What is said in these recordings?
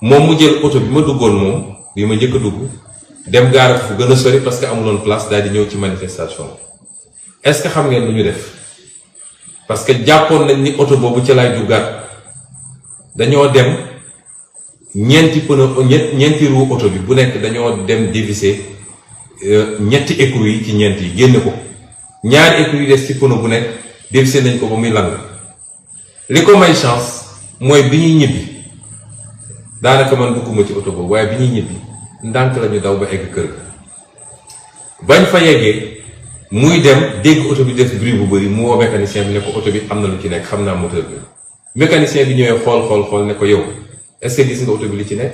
moom mu jël oto bi ma duggoon moom bi ma njëkk dugg dem gaara fu gën a sori parce que amuloon place daal di ñëw ci manifestation est ce que xam ngeen lu ñu def parce que jàppoon nañ ni oto boobu ca laay duggaat dañoo dem ñeenti pneu ñeenti roue oto bi bu nekk dañoo dem dévisser euh, ñetti écrou yi ci ñeent yi génn ko ñaari écrou yi des ci pneu bu nekk dévisser nañ ko ba muy lang li ko may chance mooy bi ñuy ñibbi. daanaka man dugguma ci oto boobu waaye bi ñuy ñibbi ndànk la ñu daw ba egg kër bañ fa yeggee muy dem dégg oto bi def bruit bu bëri mu woo mécanicien bi ne ko oto bi am na lu ci nekk xam naa moteur bi mécanicien bi ñëwee xool xool xool ne ko yow est-ce que nga oto bi li ci nekk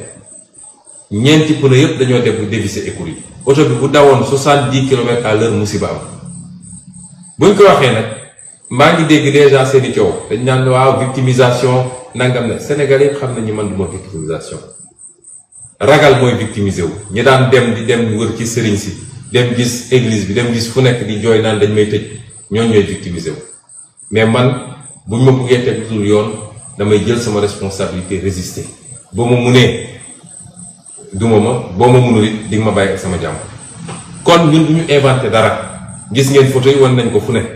ñeenti pneu yëpp dañoo def bu dévissé écoute yi oto bi bu dawoon soixante di kilomètres à l'heure musiba am buñ ko waxee nag maa ngi dégg déjà seeni coow dañ naan waaw victimisation nangam la Sénégalais yëpp xam nañu man du ma victimisation ragal moy victimiser wu ñi daan dem di dem wër ci sérigne ci dem gis église bi dem gis fu nek di joy naan dañ may tëj ñooñu ñoy victimiser wu mais man buñ ma buggee teg dul yoon damay jël sama responsabilité résister bo mo munee duma ma bo mo munul it di ma bàyyi ak sama jamm kon ñun duñu inventer dara gis ngeen photo yi wan nañ ko fu nek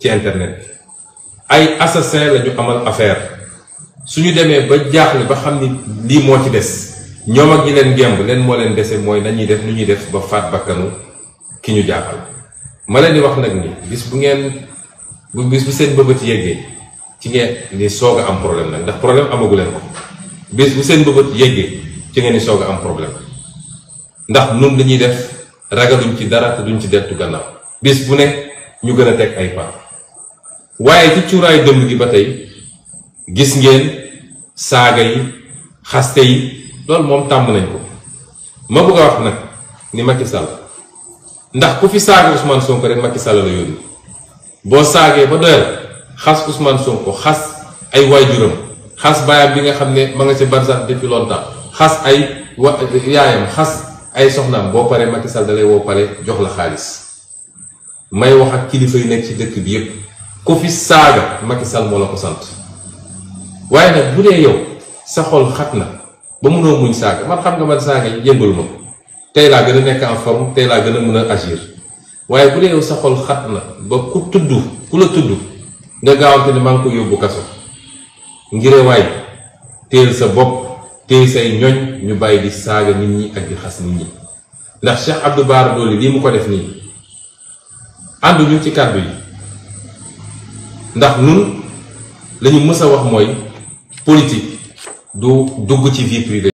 ci internet ay assassin la ñu amal affaire suñu démé ba jaxlé ba xamni li mo ci dess ñom ak ñi leen gemb leen mo leen déssé moy dañuy def ñuy def ba faat bakkanu ki ñu jaxal ma leen di wax nak ni bis bu ngeen bu bis bu seen yéggé ci ngeen ni soga am problème nak ndax problème amagu leen ko bis bu seen yéggé ci ngeen ni soga am problème ndax ñun dañuy def ragaluñ ci dara duñ ci deltu gannaaw bis bu ne ñu gëna tek ay pa waye ci ciuray dëmb gi batay gis ngeen saaga yi xaste yi loolu moom tàmm nañ ko ma bëgg a wax nag ni Macky Sall ndax ku fi saaga Ousmane Sonko rek Macky Sall la yónni boo saagee ba doyal xas Ousmane Sonko xas ay waajuram xas baayam bi nga xam ne ma nga ci barsax depuis longtemps xas ay wa yaayam xas ay soxnaam boo paree Macky Sall dalay woo pare jox la xaalis may wax ak kilifa yu nekk ci dëkk bi yépp ku fi saaga Macky Sall moo la ko sant waaye nag bu dee yow sa xol xat na ba mënoo muñ saaga man xam nga man saaga yëngal ma tey laa gën a nekk en forme tey laa gën a mën a agir waaye bu dee yow xat na ba tudd ku la tudd nga gaawante ne maa ngi ko yóbbu kaso ngir waay sa bopp téel say ñoñ ñu bàyyi di saaga nit ñi ak di xas nit ñi ndax Cheikh Abdou Bara Dolly lii mu ko def nii ànduñu ci kàddu yi ndax nun lañu mës wax mooy politique du dugg ci vie privée